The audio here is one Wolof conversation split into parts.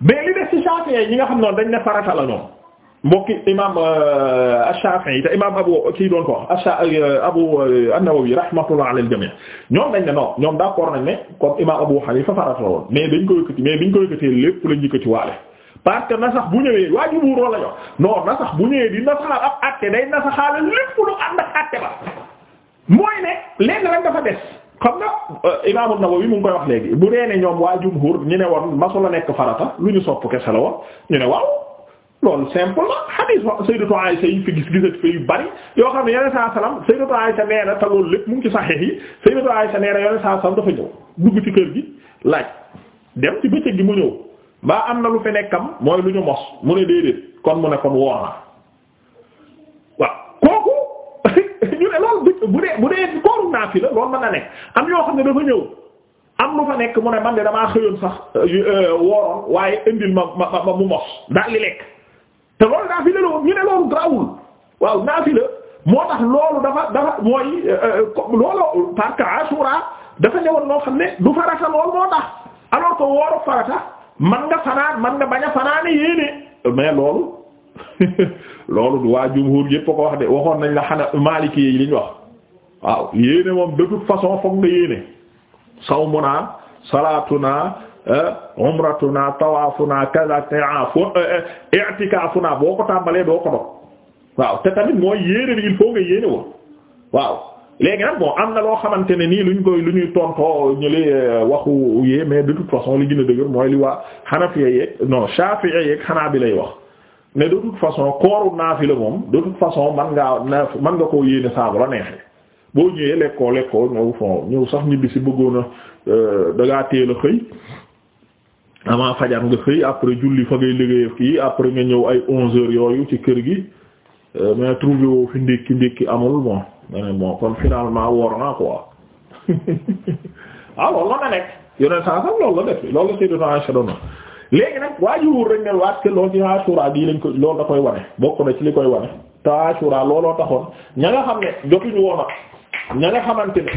mais li des ci Shafi'i ñi nga xam noonu dañ ne farata la ñoom mbokki imaam euh, Shafi'i te imaam Abu kii doon ko wax euh, Abu euh, An-Nawawi rahmatullah ala al-jami' ñoom dañ ne non ñoom d'accord nañ ne comme imaam Abu Hanifa farata la woon mais dañ ko yëkkati mais biñ ko yëkkatee lépp lañ ci waale. parce que nasax bu ñëwee waa jumhuur la ñu non nasax bu ñëwee di nasaxal ab àtte day nasaxaale lépp lu ànd ak àtte ba mooy ne léegi rek dafa des. xam nga na ko bi mu ngi koy wax léegi bu dee ne ñoom waa jumhur ñu ne woon masula nekk farata lu ñu sopp kese la woon ñu ne waaw loolu simple la hadith Sayyidatu Aisha yi fi gis gisat fi yu bari yoo xam ne Yonent saa salaam Sayyidatu Aisha nee na te loolu lépp mu ngi ci Sahih yi Sayyidatu Aisha nee na Yonent saa salaam dafa ñëw dugg ci kër gi laaj dem ci bëccëg gi mu ñëw mbaa am na lu fi nekkam mooy lu ñu mos mu ne déedéet kon mu ne kon woor na bu dee bu dee kooru naafi la loolu na nekk am yoo xam ne dafa ñëw am lu fa nekk mu ne man de damaa xëyoon sax euh, euh, wooroon waaye indil ma ma ma mu mos daal li lekk te loolu naafi la loolu loo euh, xam ne du farata man nga man nga bañ a fanaane yéene mais waa jumhur yépp ko wax de waxoon nañ la xana Maliki yi liñ wax waaw yéene moom de toute façon foog nga yéene sawmunaa salaatunaa eh, umratunaa tawaafunaa kaza eh, eh, i'tikaafuna boo ko tàmbalee doo ko dog waaw nga yéene woon waaw léegi nag bon am na loo xamante ne nii luñ koy lu ñuy tontoo ñu li waxu yee mais de toute façon li gën dëgër mooy li waa Hanafiya yeeg non Shafi'iya yeeg xanaa bi lay wax mais de toute façon kooru naafila moom de toute façon man ngaa na mën nga koo yéene saabu la neexee boo ñëwee lekkoo lekkoo ñëw fon ñëw sax ñibbi si bëggoon a euh, dangaa teel a xëy avant fajar nga xëy après julli fa ngay liggéey kii après nga ñëw ay onze heures yooyu ci kër gi euh, mais trouvé woo fi ndékki ndékki amul bon kon finalement woor naa quoi waaw ah, loolu la na nekk yoneen saa sax loolu la def loolu la Sayyidatu Aisha doon na léegi nag waajur rek ne waat ke loolu ci looloo taxoon ña nga xam ne jotuñu woon ña nga xamante ne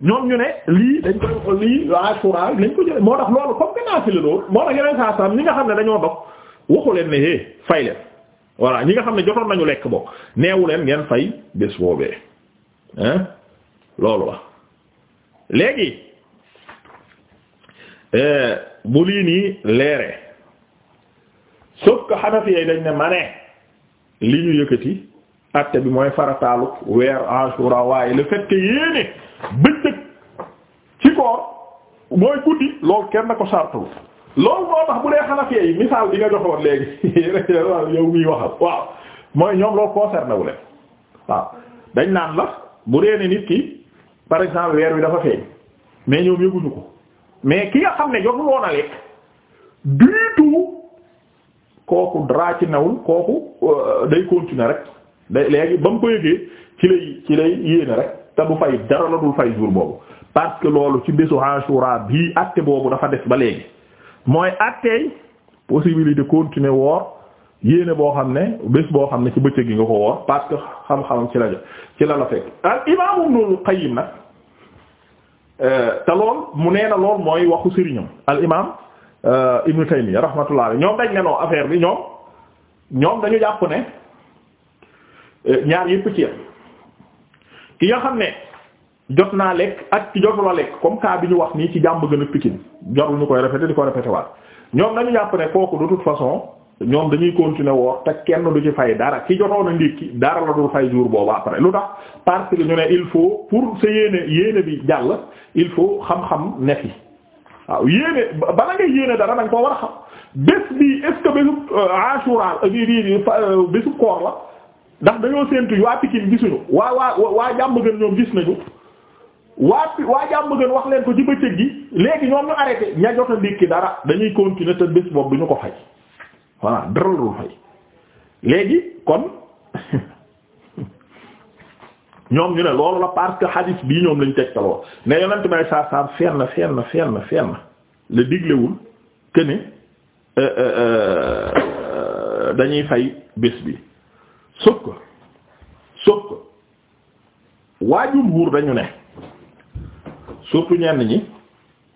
ñoom ñu ne lii dañ koy lii Ashura lañ ko jëlee moo tax loolu comme que naa fi la lool moo tax yeneen saa saam ñi nga xam ne dañoo dog waxu leen ne eh fay leen voilà ñi nga xam ne jotoon nañu lekk bo neewu leen ngeen fay bés boobee loolu la léegi eh, bu lii nii leere sauf que Hanafi yi dañ ne ma ne li ñu yëkkati. atte bi mooy farataalu weer ashura waaye le fait que yéene bëccëg ci koor mooy guddi loolu kenn na ko sartul loolu moo tax bu dee xanafee yi misaal bi nga joxoon léegi yow miy waxal waaw mooy ñoom loolu concerné wu leen waaw dañ naan la bu dee ne nit ki par exemple weer wi dafa feeñ mais ñoom yëguñu ko mais ki nga xam ne jotul woon a lekk du tout kooku dara ci nawul kooku euh, day continuer rek. léegi ba mu ko yëgee ci lay ci lay yéene rek te du fay dara la fay jour boobu parce que loolu ci bésu Ashura bii acte boobu dafa des ba léegi mooy actey possibilité continuer woor yéene boo xam ne bés boo xam ne ci bëccëg gi nga ko woor parce que xam-xamam ci la ci la la fekk al imam Ibnul Qayyim nag euh, te lool mu nee na lool mooy waxu sëriñam al imam euh, Ibnu Taymiyya ñoom dañ ne affaire bi ñoom ñoom dañu jàpp ne ñaar yëpp ci yam ki nga xam ne jot naa lekk ak ki jotula lekk comme cas bi ñu wax nii ci jàmb gën a Pikine jarul ñu koy répété di ko répété waat ñoom nañu jàpp ne kooku de toute façon ñoom dañuy continuer woor te kenn du ci fay dara ki jotoon a ndékki dara la dul fay jour boobu après lu tax parce que ñu ne il faut pour sa yéene yéene bi jàll il faut xam-xam ne fi waaw yéene bala nga yéene dara da nga ko war a xam bés bi est bésu Ashura bi bi bésu ndax dañoo séentu waa Pikine gisuñu waa waa waa jàmm gën ñoom gis nañu waa waa jàmm gën wax leen ko ci bëccëg gi léegi ñoom ñu arrêté ña jot a ndékki dara dañuy continuer te bés boobu du ñu ko fay waaw dara du fay léegi kon ñoom ñu ne loolu la parce que hadith bii ñoom lañ tegtaloo ne yonent may saa saa fenn fenn fenn fenn la diglewul que ne euh, euh, euh, dañuy fay bés bi. sëb ko sëb ko dañu ne surtout ñenn ñi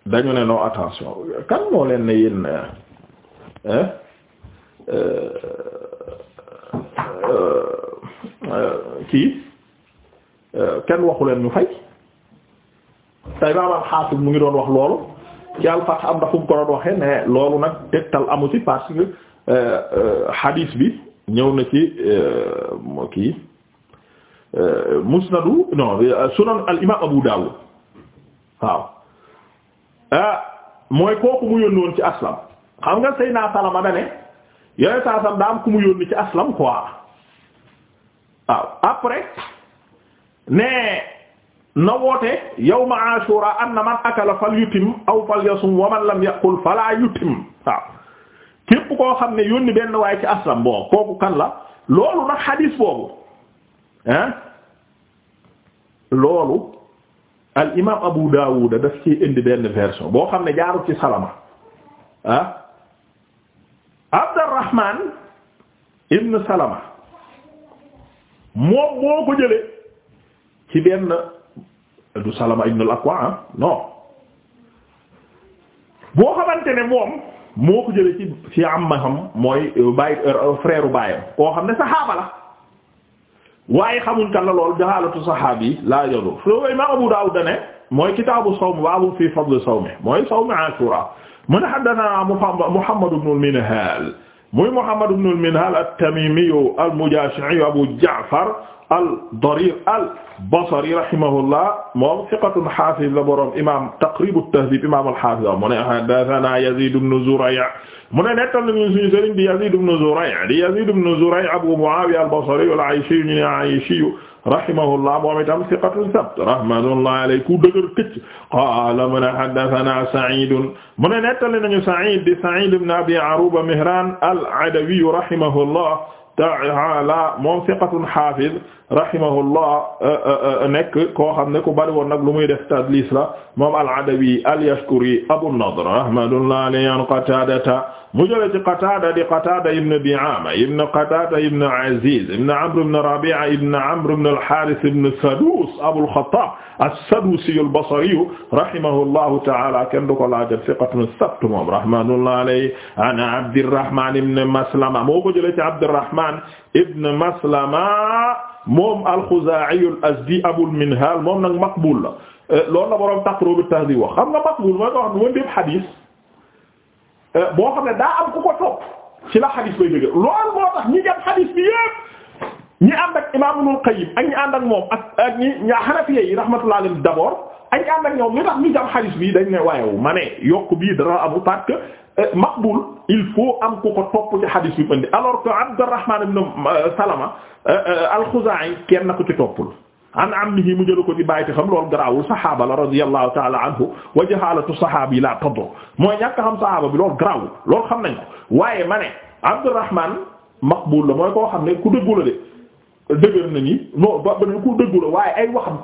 dañu ne noo attention kan moo leen ne yéen euh, euh, euh, kii kenn waxu leen ñu fay tey baabaal xaasul mu ngi doon wax loolu ci alfax am na ko doon waxee ne loolu nag tegtal amu ci parce que hadith bi. ñëw na ci moo euh, kii euh, musnadu non sunan al imam Abu Dawud waaw ah, mooy kooku mu yónni woon ci aslam xam nga sëy naa salama da ne yooyu saa sam daa am ku mu yónni ci aslam quoi waaw après ne na woote yawma ashura anna man akala falyutim aw falyasum wa lam yaqul fala yutim waaw képp koo xam ne yónni benn waaye ci aslam bon kooku kan la loolu nag xadiis boobu ah loolu al imaam Abu Daawuda daf ci indi benn version boo xam ne jaarut ci Salama ah Abdurrahman ibn Salama moom moo ko jëlee ci benn du Salama ibn al-Akwa non boo xamante ne moom. moo ko jëlee ci ci amma xam mooy euh, bàyyi euh, euh, frère baayam koo xam ne saxaaba la waaye xamuñ kan la lool jahalatu saxaabi yi laa jotul loolu imaam Abu Daawud dane mooy kitaabu sawm baabu fii fadl sawmi mooy sawmi Ashura mu ne haddathana Muhammad ibn al-Minhal muy Muhammad ibn al-Minhal at-Tamimi al-Mujashi'i Abu Ja'far al-Darir al-Basri rahimahullah moom thiqatun hafiz la borom imam Taqrib at-Tahdhib imam al-hafiz mu ne haddathana Yazid ibn Zuray' mu ne nettal nañu suñu sëriñ di Yazid ibn Zuray' di Yazid ibn Zuray' Abu Muawiya al-Basri al-Ayshi rahimahullah moom itam siqatun sabt rahmatullahi alayhi ku dëgër këcc qaala mu ne haddathana Sa'id mu ne nettali nañu Sa'id di Sa'id ibn Abi Aruba Mihran al-Adawi rahimahullah ta'ala moom siqatun hafiz rahimahullah euh, euh, euh, nekk koo xam ne ku bari woon nag lu muy def tadlis la moom al-Adawi al-Yashkuri Abu Nadr rahmatullahi alayhi an Qatadata mu jëlee ci Qatada di Qatada ibn Di'ama ibn Qatada ibn Aziz ibn Amr ibn Rabi'a ibn Amr ibn al-Harith ibn Sadus Abul Khattab as-Sadusi al-Basri rahimahullahu ta'ala kenn du ko laajal thiqatun sabt moom rahmatullahi alayhi an Abdirrahman ibn Maslama moo ko jëlee ci Abdirrahman ibn Maslama moom al-Khuza'i al-Azdi Abul Minhal moom nag maqbul la loolu la borom Taqrib at-Tahdhib wax xam nga maqbul mooy wax dëgg hadith Euh, boo xam ne daa am ku ko topp ci la xadis bay dëgg loolu moo tax ñi jàpp xadis bi yépp ñi ànd ak imaam Ibnul Qayyim ak ñi ànd ak moom ak ak ñi ña Hanafiya yi rahmatullahi alayhim d'abord ak ñi ànd ak ñoom li tax ñu jàpp xadis bi dañ ne waayewu ma ne yokk bii dara amu parce que euh, maqbul il faut am ku ko topp ci xadis bi indi alors que Abdurrahman ibn euh, Salama al-Khuzai kenn na ko ci toppul an ammihi mu jëla ko ci bàyyite xam loolu garaawul sahaaba la radiyallahu taala anhu wa jahalatu sahaabi la tador mooy ñàkk xam sahaaba bi loolu garaawul loolu xam nañ ko waaye ma ne Abdurrahman maqbul la mooy koo xam ne ku dëggu la de dëgër na ñi non ba ba ku dëggu la waaye ay waxam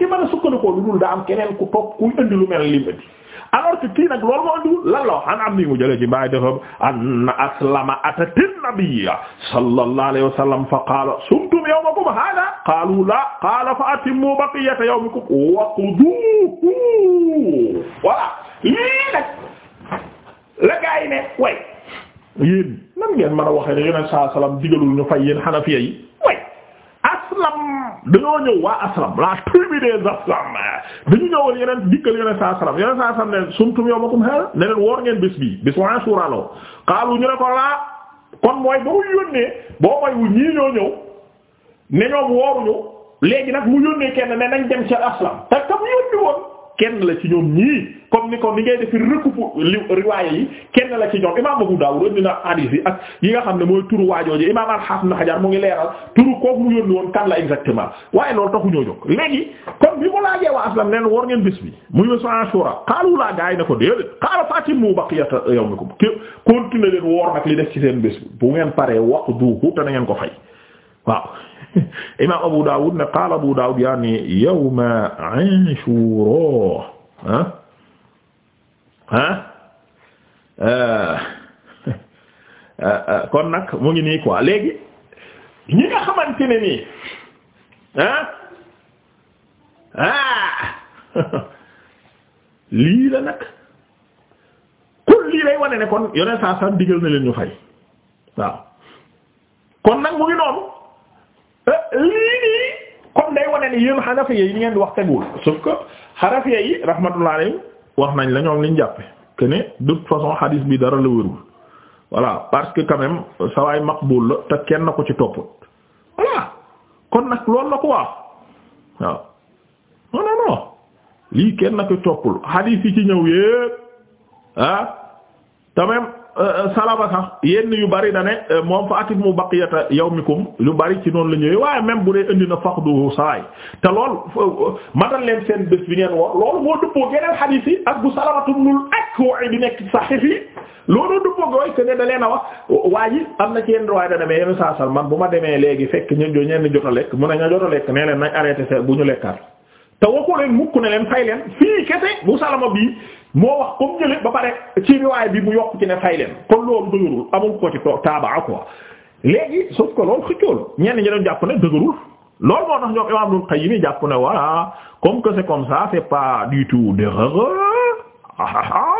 du ci mën a sukkandikoo lu dul daa am keneen ku topp kuy indi lu mel li indi alors que kii nag loolu moo andiwul lan la wax an am ni mu jëlee ci bàyyi defam anna aslama atati nabiyya sallallahu alayhi wa sallam fa qaala sumtum yawmakum hada qaalu la qaala fa atimmu baqiyata yawmikum wa quduhu voilà lii nag la gaa yi ne way yéen nan ngeen mën a waxee ne yoneen saa sallam digalul ñu fay yéen xanafiya yi way aslam dañoo ñëw waa aslam la tribu des aslam dañu ñëwal yeneen dikkal yeneen saa aslam yeneen saa aslam ne sumtum yawmakum hada ne leen woor ngeen bés bii bés waa Ashura ñu ko laa kon mooy ba mu yónnee boo mooy wu ñii ñoo ñëw ne ñoom wooruñu léegi nag mu yónnee kenn ne nañ dem ca aslam te ka mu yónni woon kenn la ci ñoom ñii comme ni ko li ngay defi recoupe li riwaayé yi kenn la ci ñoom imam Abu Dawud indi na hadith yi ak yi nga xam ne mooy turu waajooji imam al-Hasan na Hajar mu ngi leeral turu kooku mu yónni woon kan la exactement waaye loolu taxu ñoo jóg léegi comme bi mu laajee waa aslam neen war ngeen bis bi muy bésu Ashura xaalu laa gaa yi ne ko déedéet xaala fatimu baqiyata yawmikum ké continuer leen woor nag li def ci seen bés bi bu ngeen paree waqduhu te na ko fay waaw imam Abu Dawud ne qaala Abu Dawud yaani yawma Ashura ah ah kon nag mu ngi nii quoi léegi ñi nga xamante ne nii ah lii la nag kon lii lay wane ne kon yoneen saa san digal na leen ñu fay kon nag mu ngi noonu lii nii kon day wane ni yéen xanafiya yi ngeen di wax teguwul sauf que xanafiya yi rahmatullah wax nañ la ñoom liñ jàppe que ne de toute façon xadiis bi dara la wérul voilà parce que quand sawaay maqbul la te kenn na ko ci topp voilà kon nag loolu la ko waaw waaw non non non lii kenn ko toppul xadiis yi ci ñëw yépp ah Euh, euh, salaba sax yenn yu bari da ne euh, moom fa atit mu baqiyata yawmikum lu bari ci noonu la ñëwee waaye même bu dee indi na du saay te lool matal leen seen bés bi ngeen wax loolu moo dëppoo geneen xadiis yi ak bu salabatum lul ak waxe bi nekk saxiix yi loolu dëppoo gooy que ne da leen a wax waa ji am na ci yenn waaye da demee yenn saa sal man bu ma demee léegi fekk ñu jo ñenn jot a lekk mu ne ña jot a lekk nee leen nañ arrêté seen bu ñu lekkaat te waxu leen mukk ne leen moo wax comme jële ba pare ci riwaay bi mu yokk ci ne fay leen kon loolu dëgërul amul ko ci taabaa quoi léegi sauf que loolu xëccoo la ñenn ñi doon jàpp ne dëgërul loolu moo tax ñoom Imaam Ibnul Qayyim yi jàpp ne voilà comme que c'est comme ça c'est pas du tout dérégé ah, ah, ah.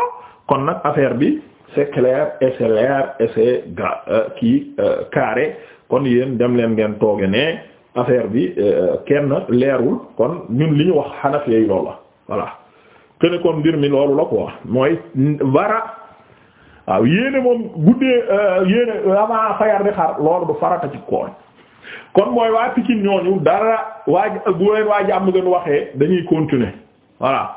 kon nag affaire bi c'est clair et c'est clair et c'est ga euh, euh, kon dem leen ngeen tooge ne affaire bi euh, kenn leerul kon ñun li ñu wax Hanafi yi loolu la kene kon mbir mi loolu la wax mooy vara waaw yéene moom guddee euh, yéene avant fayar di xar loolu du farata ci koor kon mooy waa Pikine ñooñu dara waa bu leen waa jàmm gën waxee dañuy continuer voilà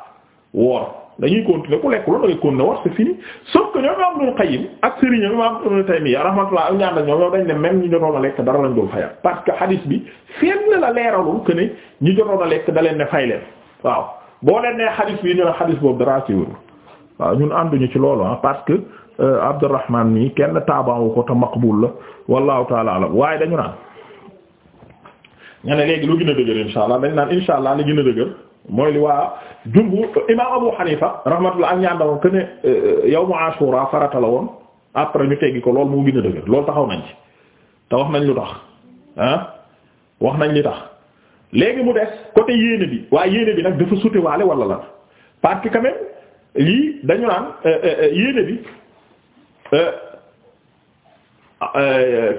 woor dañuy continuer ku lekk loolu da ngay continuer war c'est fini sauf que ñoom am Ibnul Qayyim ak sëriñ ñoom am Ibnu Taymiyya rahmatullah ñaan la ñoom yow dañ ne même ñu jotoon lekk dara lañ doon fayal parce que hadith bi fenn la leeralul que ne ñu jotoon lekk da leen fay leen waaw boo leen nee xadis bi ñu ne xadis boobu dara ci wër waaw ñun ànduñu ci loolu ah parce que euh, Abdurrahman nii kenn taabaawu ko te maqbul la wallahu taala alam waaye dañu naan nga ne léegi lu gën dëgër insha dañ naan insha allah li gën dëgër mooy li waa jumbu imaam Abu Hanifa rahmatullah ak ñaan dama que ne euh, yawmu ashura farata la woon après ñu teggi ko loolu moo gën dëgër loolu taxaw nañ ci te wax nañ lu tax ah, wax nañ li tax. léegi mu des côté yéene bi waaye yéene bi nag dafa sutewaale wala la parce que quand même lii dañu naan yéene bi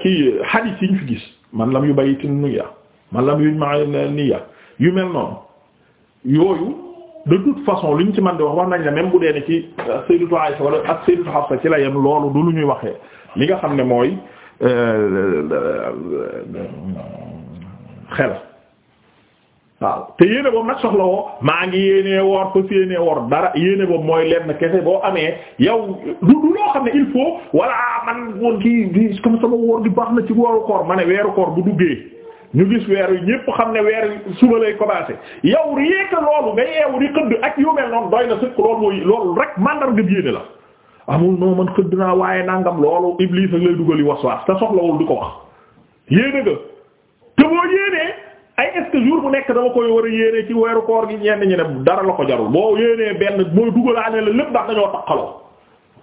kii hadith yi ñu fi gis man lam yu bay bayitin niyya man lam yu ma niyya yu mel noonu yooyu de toute façon lu ñu ci man di wax wax nañ la même bu dee ne ci sayyidatu Aisha wala ak sayyidatu Hafsa ci la yem loolu du lu ñuy waxee li nga xam ne mooy xel waaw te yéene boobu nag soxla woo maa ngi yéenee woor fas yéenee woor dara yéene boobu mooy na kese boo amee yow du loo xam ne il faut walla ah man woon kii comme sama woor gi baax na ci weeru koor ma ne weeru koor bu duggee. ñu gis weer wi ñépp xam ne weer suba lay commencé yow réeka loolu nga yeewu di xëdd ak yu mel noonu doy na sëkk loolu mooy loolu rek màndarga yéene la amul noo man xëdd naa waaye nangam loolu Iblis ak lay dugal yi waswaas te soxlawul du ko wax ay est-ce jour bu nekk dama koy war a yéene ci weeru koor gi ñenn ñi ne dara la ko jarul boo yéenee benn mooy dugalaane la lépp ndax dañoo takkaloo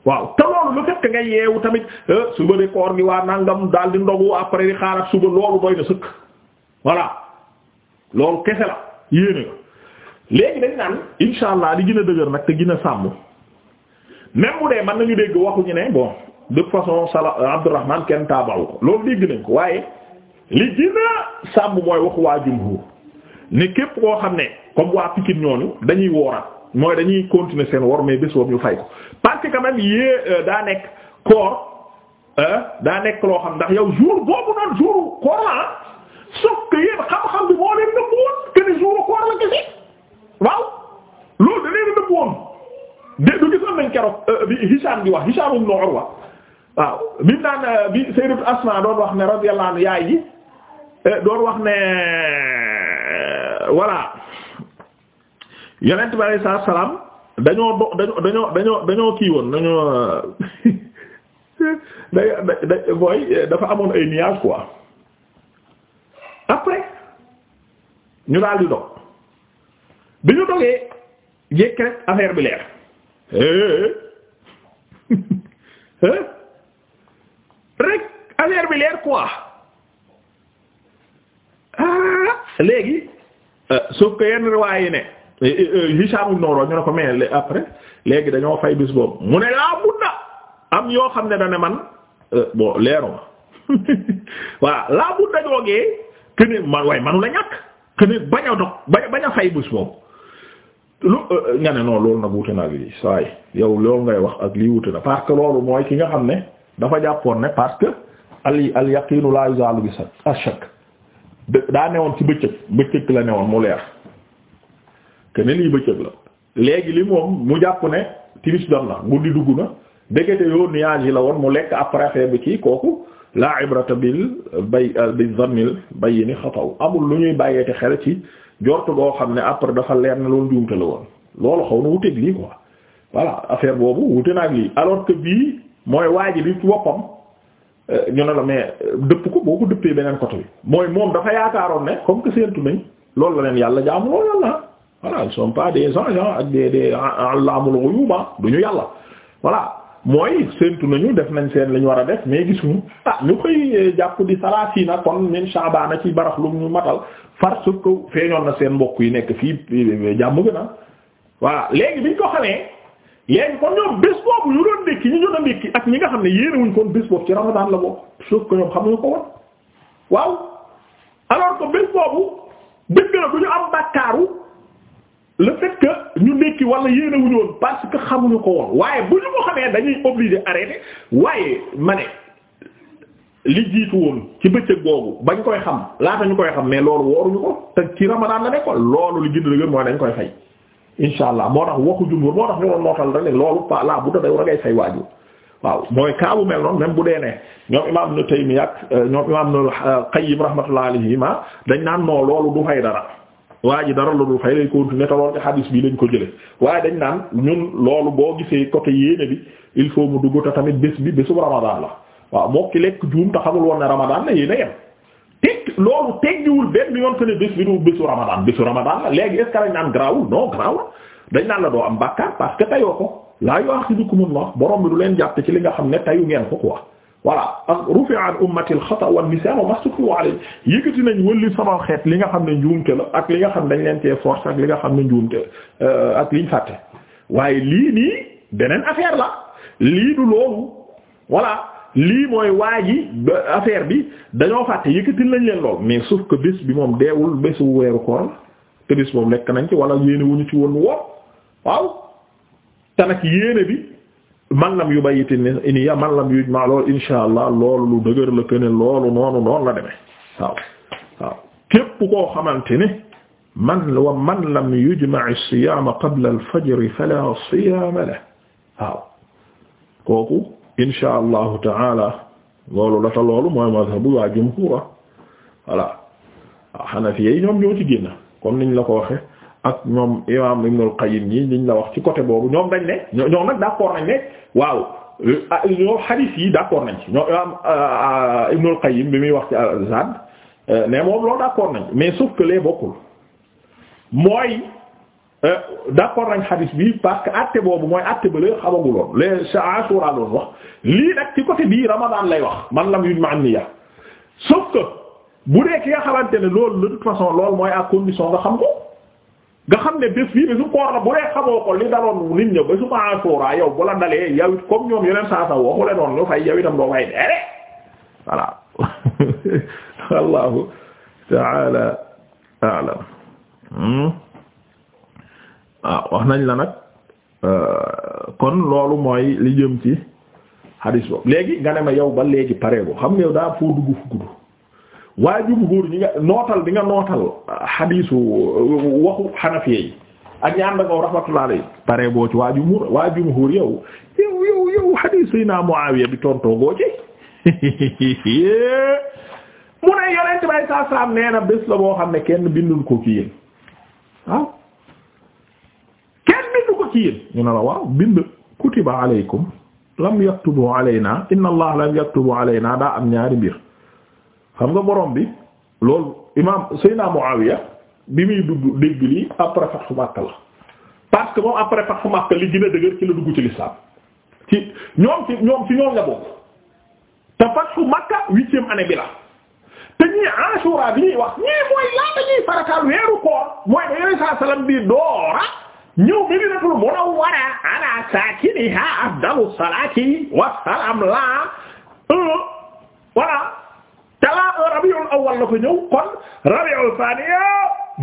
waaw te loolu lu fekk nga yeewu tamit eh, suba de koor gi waa nangam daal di ndogu après di xaaral suba loolu doy na sëkk voilà loolu kese la yéene nga léegi dañ naan insha allah di gën a dëgër nag te gën a sàmm même bu dee mën nañu dégg waxuñu ne bon de façon sala Abdourahman kenn taabawu ko loolu dégg nañ li dina sàmm mooy waxu waa jumhur ni képp koo xam ne comme waa Pikine ñooñu dañuy wooraat mooy dañuy continuer seen wor mais bés boobu ñu fay ko parce que quand même euh, daa nekk koor euh, daa nekk loo xam ndax yow jour boobu noonu jour koor la ah, sauf que xam-xam bi moo leen nëbb woon que ne jour koor la gisi waaw loolu da leen nëbb woon du gisoon nañ keroog euh, bi Hisham wax Hisham ibn Urwa waaw bi mu naan bi doon wax ne radiyallahu anha yaay yi Eh, doon wax ne voilà yonent bi alayhi salaam dañoo bo dañoo dañoo dañoo dañoo kii woon dañoo day dafa amoon ay nuages quoi après ñu daal di dog bi ñu dogee jékki rek affaire bi leer. Eh, eh, rek affaire bi leer quoi. léegi euh, su que yenn riwaay ne euh, euh, Hisham ibn Urwa ñu ne ko mais après léegi dañoo fay bis boobu mu ne laa budda am yoo xam ne dane man bon leeru ma voilà laa budda doogee que ne man waaye manu la ñàkk que ne bañ a dog bañ a fay bis boobu lu nga ne loolu nag wute na ak lii yow loolu ngay wax ak lii wute na parce que loolu mooy ki nga xam ne dafa jàppoon ne parce que al al yaqiinu laa yuzaalu bi shakk daa woon ci bëccëg bëccëg la ne woon mu leer que ne lii bëccëg la léegi li moom mu jàpp ne timis jot na di dugg na dégete yoo nuage yi la woon mu lekk après affaire bi kii kooku laa ibrata bil bay euh, bi zammil bayi ni xataw amul lu ñuy bàyyeete xel ci jortu boo xam ne après dafa leer na loolu njuumte la woon loolu xaw na wuteeg lii quoi voilà affaire boobu wute naag lii alors que bii mooy waa ji li ci woppam Euh, ñu ne la mais euh, dëpp ko boo ko dëppee beneen côté bi mooy moom dafa yaakaaroon ne comme que séentu nañ loolu la leen yàlla jaamu loolu yàlla voilà ils sont pas des agents ak des des allaamul du ñu yàlla voilà mooy séentu nañu def nañ seen li ñu war a def mais gisuñu ah ñu koy euh, jàpp di salaasiina kon min Sha'baana ci barax lu ñu matal far su ko feeñoon na seen mbokk yi nekk fii jàmm gën a voilà léegi biñ ko xamee léegi kon ñoom bés boobu ñu doon ndékki ñu doon ndékki ak ñi nga xam ne yéenewuñ kon bés boobu ci ramadan la bokk sauf que ñoom xamuñu ko woon waaw alors que bés boobu dëgg la bu ñu am bàkkaaru la fait ñu ndékki wala yéenewuñu woon parce que xamuñu ko woon waaye bu ñu ko xamee dañuy obligé arrêté waaye ma ne li jiitu woon ci bëccëg boobu bañ koy xam laata ñu koy xam mais loolu wooruñu ko te ci ramadan la nekkoon loolu li gën a dëgër mooy dañ koy fay. insha allah moo tax waxu jumhur moo tax ñu doon nootal rek loolu pa la bu da a ngay fay waaw mooy kaabu mel noonu même bu dee ne ñoom imaam Ibnu Taymiyya ak euh, ñoom imaam Ibnu euh, Qayyim rahmatullahi alayhima dañ naan noo loolu du fay dara waa ji dara loolu fay lay continuer te loolu xadiis bi lañ ko jële waaye dañ naan ñun loolu boo gisee côté yéene bi il faut mu dugg te tamit bés bi bésu Ramadan la waaw moo ki lekk juum te xamul woon ne Ramadan la yéene yem teg loolu teggiwul benn bi yoon que ne bés bi du bésu Ramadan bésu Ramadan la léegi est ce que dañ naan garaawul dañ naan la doo am bàkkaar parce que tayoo ko laa yu'akhidhukum Allah borom bi du leen jàpp ci li nga xam ne tayu ngeen ko quoi. voilà ak rufi'a an ummati al-khata' wan-nisyan wa mastuku alayhi yëkkati nañ wëlli sama xeet li nga xam ne njuumte la ak li nga xam dañ leen cee ak li nga xam ne njuumte euh, ak liñ fàtte waaye lii nii beneen affaire la lii du lii mooy waa ji affaire bi dañoo fàtte yëkkatil lañ leen lool mais sauf que bés bi moom deewul bésu weeru koor te bés moom nekk nañ ci wala yéene wu ñu ci woon woor waaw te nag yéene bi man lam yu bayyiti ni ya man lam yuj ma loolu insha allah loolu lu dëgër la këne loolu noonu noonu la demee waaw waaw képp koo xamante ne man wa man lam yujma as-siyama qabla al-fajr fala siyama la waaw kooku insha allahu taala loolu la ta loolu mooy mazhabu waa jumhura voilà waaw ah, xanafiya yi ñoom ñoo ci génn comme niñ la ko waxe ak ñoom imam ibnul qayyim yi liñ la wax ci côté boobu ñoom dañ ne ñoom nag d'accord nañ ne waaw euh, ah, ñoom hadith yi d'accord nañ ci ñoom imam ah, ibnul qayyim bi muy wax ci Zaad euh, ne moom loolu d'accord nañ mais sauf lee bokkul mooy Euh, d'accord nañ xadis bi parce que àtte boobu mooy àtte ba la xamaguloon les Ashura loon wax lii nag ci côté bii Ramadan lay wax man lam yuñ ma am niya sauf bu dee ki nga xamante ne loolu de toute façon loolu mooy à condition nga xam ko nga xam ne bés bii bésu koor la bu dee xamoo ko li daloon nit ña bésu Ashura yow bu la dalee yow it comme ñoom yeneen saa sa waxu woon ñu fay yow itam doo fay dee voilà wallahu ta'ala waaw ah, wax nañ la nag euh, kon loolu mooy li jëm ci hadis boobu léegi nga ne ma yow ba léegi boo xam nga yow daa foo dugg fu gudd waaye jubu góor ñi nga nootal bi nootal hadisu euh, waxu xanafiye yi ak ñaan da nga rahmatullah alayhi pare boo ci waa jumhur waa jumhur yow yow yow yow hadis yi naa Muawiya bi tontoo goo ci mu ne yonent bay saa saam nee na bés la boo xam ne kenn bindul ko ci yéen waaw ah? ci ñu ne la waaw bind kutiba aleykum lam yaktubu alaynaa inna allah lam yaktubu alaynaa daa am ñaari mbir xam nga borom bi loolu imaam Seydina Muawiya bi muy dugg dégg lii après fathu Makka la parce que moom après fathu Makka li gën a dëgër ci la dugg ci lislaam ci ñoom ci ñoom ci ñoom la bokk te fathu Makka huitième année bi la te ñii Ashura bi ñuy wax ñii mooy laata ñuy farataal weeru koor mooy da saa salaam bi doora ñëw Madinatul Munawwara ala saakiniha afdalu salaati wa salaam la voilà te la Rabiul Awwal la ko ñëw kon Rabiul Saani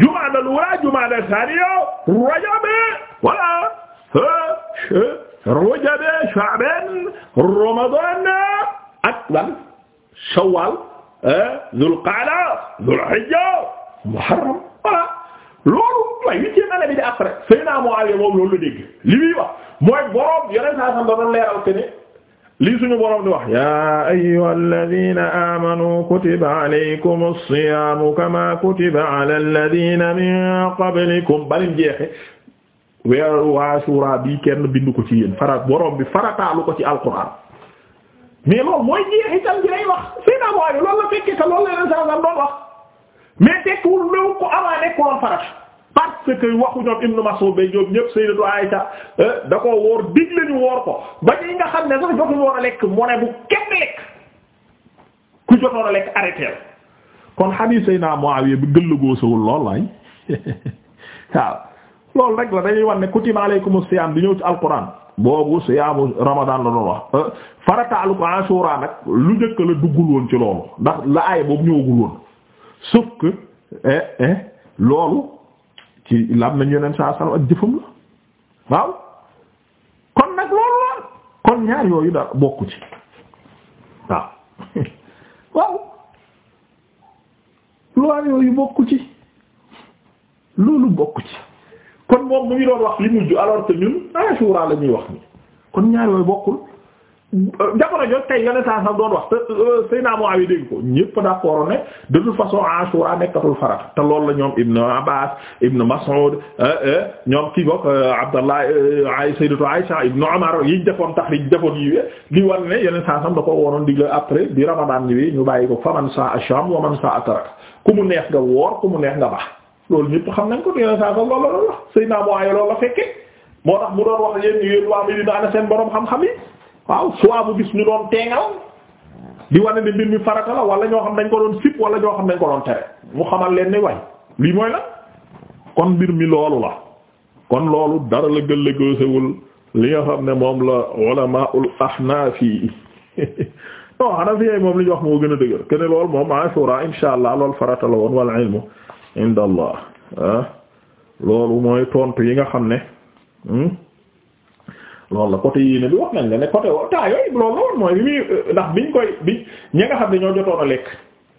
Jumaadal Uulaa Jumaadal Saani Rajab voilà Rajab Sha'baan Ramadaan ak lan Shawwal Dhul Qa'da Dhul Hijja Muharram voilà loolu waaye huitième année bi di après Seydina Muawiya moom loolu la dégg li muy wax mooy borom yeneen saa sax doon leeral te ne lii suñu borom di wax ya ayyuha alladina amanu kutiba alaykum as-siyaamu kama kutiba ala alladina min qablikum balim jeexe weer waa suura bi kenn bindu ko ci yéen fara borom bi farataalu ko ci alquran mais loolu mooy jeexital bi lay wax Seydina Muawiya loolu la fekkee te loolu la yeneen saa sax doon wax mais tekkiwul loolu ko avant nekkoon farata parce que waxu ñoom ba ñoom euh, ko nga xam ne sax jotuñu woon a lekk mu ne bu kenn lekk ku jotoon a lekk arrêté kon hadith Sayyidina Muawiya bi gëllëgoo sawul lool waay waaw loolu rek la dañuy wax ne kutiba alaykumus siyaam di ñëw ci alquran boobu siyaamu Ramadan la doon wax euh, farataalu ko Ashura nag lu njëkk la duggul woon ci loolu ndax la aay boobu ñëwagul woon. sauf que eh, eh loolu ci lam nañ yoneen saa sallam ak jëfam la waaw kon nag loolu la kon ñaar yooyu da bokku ci waaw waaw loolu yooyu bokku ci loolu bokku ci kon moom mu ngi doon wax li mujj alors que ñun ashura la ñuy wax ni kon ñaar yooyu bokkul jamono jot kay yone saa sax doon wax euh, Seydina Muawiya dégg ko ñépp d'accord ne de toute façon Ashura nekkatul farata te loolu la ñoom Ibn Abbas Ibn Mas'ud euh, euh, ñoom kii bokk Abdallah ay Sayyidatu Aisha yi li war ne yone saa sax da ko waroon digle après bi Ramadan bi ñu bàyyi ko faman mu neex nga woor ku mu neex nga seen boroom xam-xam yi waaw soit bu gis ñu doon teengal di wane ne mbir mi farata la wala ñoo xam dañ ko doon sip wala ñoo xam dañ ko doon tere mu xamal leen ni way lii mooy la kon mbir mi loolu la kon loolu dara la gëllëgësewul li nga xam ne moom la ulama ul ahnaf yi non hanafi yi moom li ñu wax moo gën a dëgër kene lool moom ashura insha allah loolu farata la woon wal ilmu inda allah ah loolu mooy tontu yi nga xam ne hmm? loolu la côté yéene bi wax nañ la ne côté taa yooyu loolu mooy bi euh, ndax bi ñi nga xam ne ñoo jotoon lekk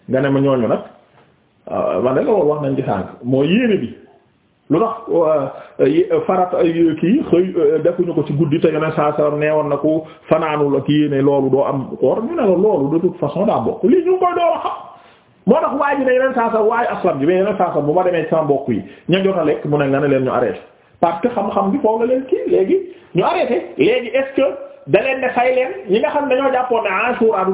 nga ma ñooñu nag euh, man de wax nañ ci sànq mooy yéene bi lu tax euh, kii xëy ko ci guddi te yeneen saa saa na ko fanaanul ak yéene loolu doo am koor ñu ne la loolu de toute façon daa aslam ji mais yeneen saa bu ma demee ci sama yi ña jot lekk mu ne nga ne leen ñu arrêté. parce que xam-xam bi foofu la leen kii léegi ñu arrêté léegi est-ce que da leen ne fay leen ñi nga xam ne dañoo jàppoon ne Ashura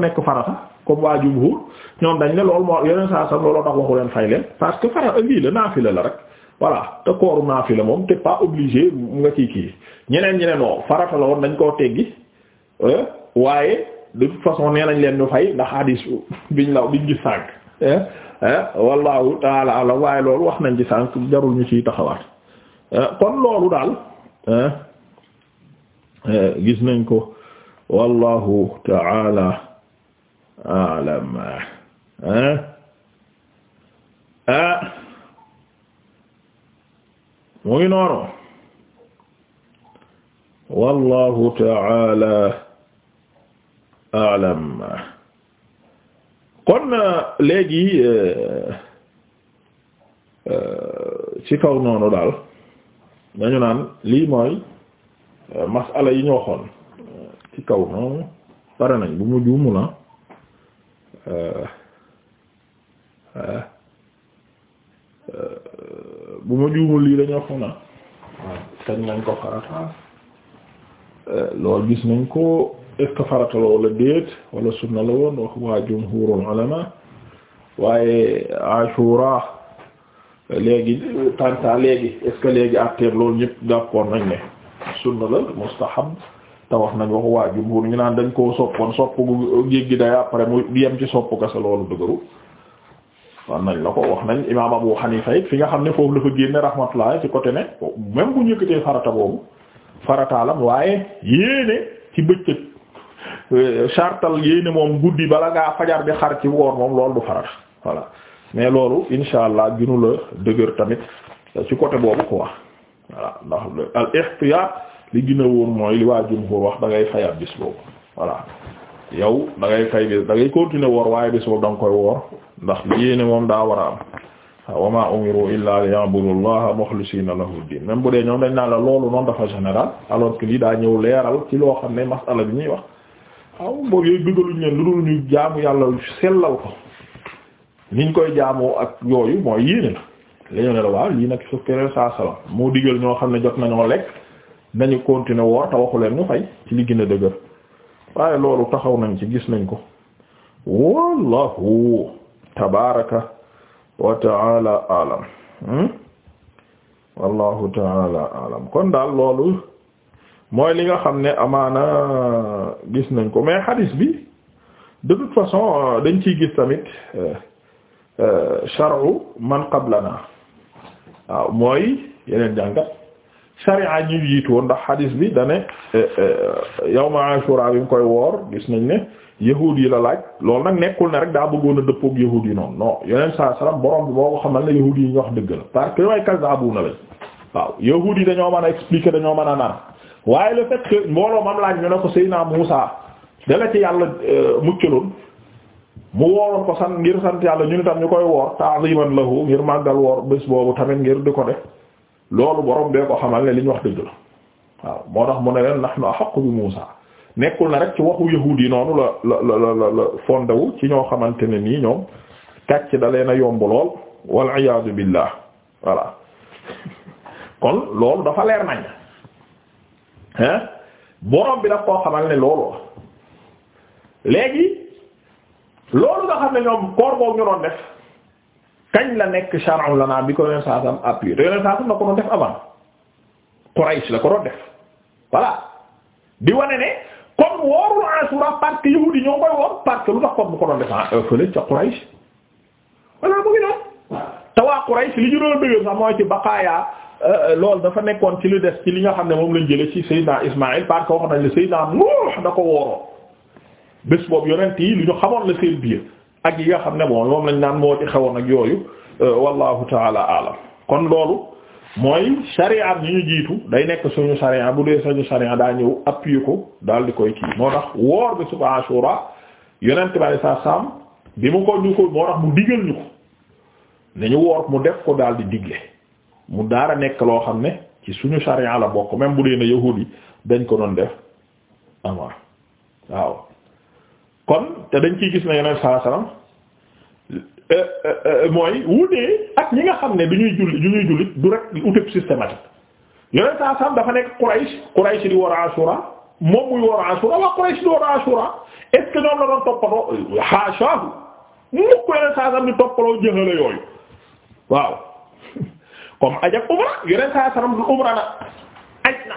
nekk farata comme waa jumhur ñoom ne loolu moo yeneen saa sax looloo tax waxu leen fay leen parce que farata lii la naafila la rek voilà te kooru naafila moom t'es pas nga kii kii ñeneen ñeneen oo farata la koo teggi eh, waaye de nee nañ leen ñu fay ndax hadis biñ la biñ gis sànq. Eh, eh, wallahu taala la waaye loolu wax nañ ci sànq jarul ñu ciy taxawaat. Eh, kon loolu daal eh, eh, gis nañ ko wallahu taala alam ah mu ngi noonu wallahu taala alam kon léegi ci kaw noonu daal dañu naan lii mooy euh, masala yi ñu waxoon euh, ci kaw noonu pare nañ bu mu juumu la euh, bu ma juumul lii dañoo xaw na waaw nañ lañ ko farata loolu gis nañ ko est-ce que farata la wala déet wala sunna la woon wax waa jumhurul ulama waaye ashura léegi tanta léegi est-ce que léegi àtteer loolu ñëpp d'accord nañ ne sunna la mustahab te wax nañ waxu waa jumhur ñu naan dañ koo soppoon sopp gu gi day après mu yem ci sopp kese loolu dëgëru wax nañ la ko wax nañ imaam Abu Hanifa it fi nga xam ne foofu dafa génne rahmatullah ci côté ne même bu ñëkkatee farata boobu farataalam waaye yéene ci bëccëg euh, chartal yéene moom guddi bala ngaa fajar bi xar ci woor moom loolu du farata voilà mais loolu insha allah ginu la dëgër tamit ci côté boobu quoi voilà ndax al ihtiyaat li gën a mooy li waa jumhur wax da ngay fayat bis boobu voilà yow da ngay fay bis da ngay continuer woor waaye bis boobu da nga koy woor ndax yéene moom daa war a am wa ma umiru illa liya'budu allaha mukhlisina lahu din même bu dee ñoom dañ naa la loolu noonu dafa général alors que lii daa ñëw leeral ci loo xam ne masala bi ñuy wax waaw boobu yooyu dugaluñ leen lu yàlla sellal ko liñ koy jaamoo ak yooyu mooy yéene la ñu ne la waaw lii nag su fekkee saa salaam moo digal ñoo xam ne jot nañoo lekk nañu continuer woor te waxu leen ñu fay ci li dëgër waaye loolu taxaw nañ ci gis nañ ko wallahu tabaraka wa taala alam hmm? wallahu taala alam kon daal loolu mooy li nga xam ne amaana gis nañ ko mais hadis bi de toute façon dañ ci gis tamit euh, Euh, shar'u man qablana waaw mooy yeneen jàngat sharia ñi yiitu woon ndax hadis bi dane euh, euh, yawma ashura bi mu koy woor gis nañ ne yahuud yi la laaj lool nag nekkul ne rek daa bëggoon a dëppoog yahuud yi noonu non yeneen saa salaam borom bi boo ko xamal ne yahuud yi ñu wax dëgg la parce que way kazabu na lañ waaw yahuud yi dañoo mën a expliquer dañoo mën a nar waaye le fait que mbooloo mam laaj ñu ne ko Seydina Muusa dala ci yàlla muccaloon mu wooroon ko sant ngir sant yàlla ñu tam ñu koy woor ta'ziman lahu ngir màggal woor bés boobu tamit ngir di ko def loolu borom bee ko xamal ne li ñu wax dëgg la waaw moo tax mu ne leen nahnu ahaqqu bi Muusa nekkul na rek ci waxu yahuud yi noonu la la la la la wu ci ñoo xamante ne nii ñoom kàcc da leen a yomb lool wal iyaadu billah voilà kon loolu dafa leer nañ hein borom bi daf koo xamal ne loolu léegi. loolu nga xam ne ñoom koor boobu ñu doon def kañ la nekk shar'un lana bi ko yoneen saasam appuyé te yoneen saasam na ko doon def avant Quraysh la ko doon def voilà di wane ne comme woorul Ashura parce que yahuudi ñoo koy woor parce lu tax comme bu ko doon def ah, euh, fële ca Quraysh voilà mu ngi te waa Quraysh li ñu doon dëgg sax mooy ci baqaaya euh, loolu dafa nekkoon ci lu des ci li nga xam ne moom lañ jële ci Seydina Ismaïl parce que wax nañ ne Seydina da ko bés boobu yonent yi lu ñu xamoon la seen biir ak yi nga xam ne moom moom lañ naan moo ci xewoon ak yooyu euh, wallahu taala alam kon loolu mooy sariya ñu ñu jiitu day nekk suñu sariya bu dee suñu sariya daa ñëw appuyer ko daal di koy kii moo tax woor bi su ko yonent bi saa saam bi mu ko ñu ko moo tax mu digal ñu ko nañu woor mu def ko daal di digle mu daara nekk loo xam ne ci suñu sariya la bokk même bu dee ne yahudi dañ ko doon def kon te dañ ciy gis ne yeneen saa salaam mooy wutee ak ñi nga xam ne du ñuy julli du ñuy jullit du rek utub systématique yeneen saa dafa nekk Quraysh Quraysh di war a moom muy war a waa Quraysh di war a Ashura est la doon toppatoo haashaahu mukk ko yeneen saa salaam di toppaloo jëxale yooyu waaw comme ajak umra yeneen saa salaam du umra na aj na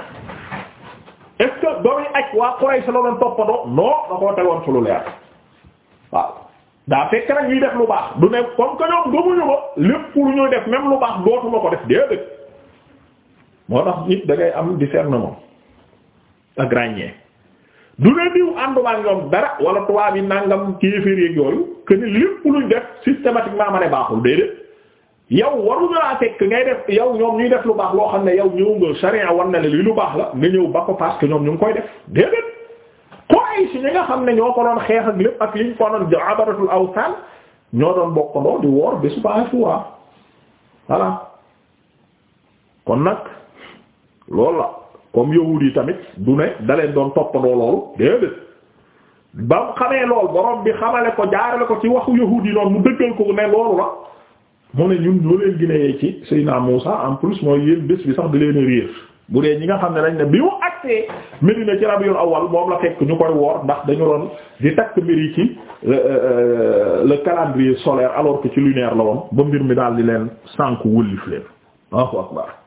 est-ce ak waa Quraysh la doon toppandoo non da koo tegoon ci leer waaw daa fekk nag ñuy def lu baax du ne comme que ñoom gëmuñu ko lépp lu ñuy def même lu baax dootuma ko def déedéet moo tax nit da am discernement ak ràññee du ne diw ànduma ak ñoom dara wala tubaab yi nangam kéeféer yooyu que ni lépp luñ def systématiquement ma ne baaxul déedéet yow waruñu laa fekk ngay def yow ñoom ñuy def lu baax loo xam ne yow ñëw nga sharia war na ne li lu baax la nga ñëw ba ko parce que ñoom ñu ngi koy def déedéet Quraysh ñi nga xam ne ñoo ko doon xeex ak lépp ak liñ ko doon abaratul awsan ñoo doon bokkandoo di woor bésu ba Ashura voilà kon nag loolu la comme yahud yi tamit du ne da doon toppandoo loolu déedéet ba xamee lool borom bi xamale ko jaarale ko ci waxu yahud yi noonu mu dëggal ko ne loolu la. mu ne ñun ñoo leen gën a yee ci Seydina Muusa en plus mooy yéen bés bi sax da leen a réer bu dee ñi nga xam ne dañ ne bi mu agsee Medina ci Rabiul Awwal moom la fekk ñu koy woor ndax dañu doon di takk mbir yi ci euh, euh, le calendrier solaire alors que ci lunaire la woon ba mbir mi daal di leen sànk wëllif leen Allahu akbar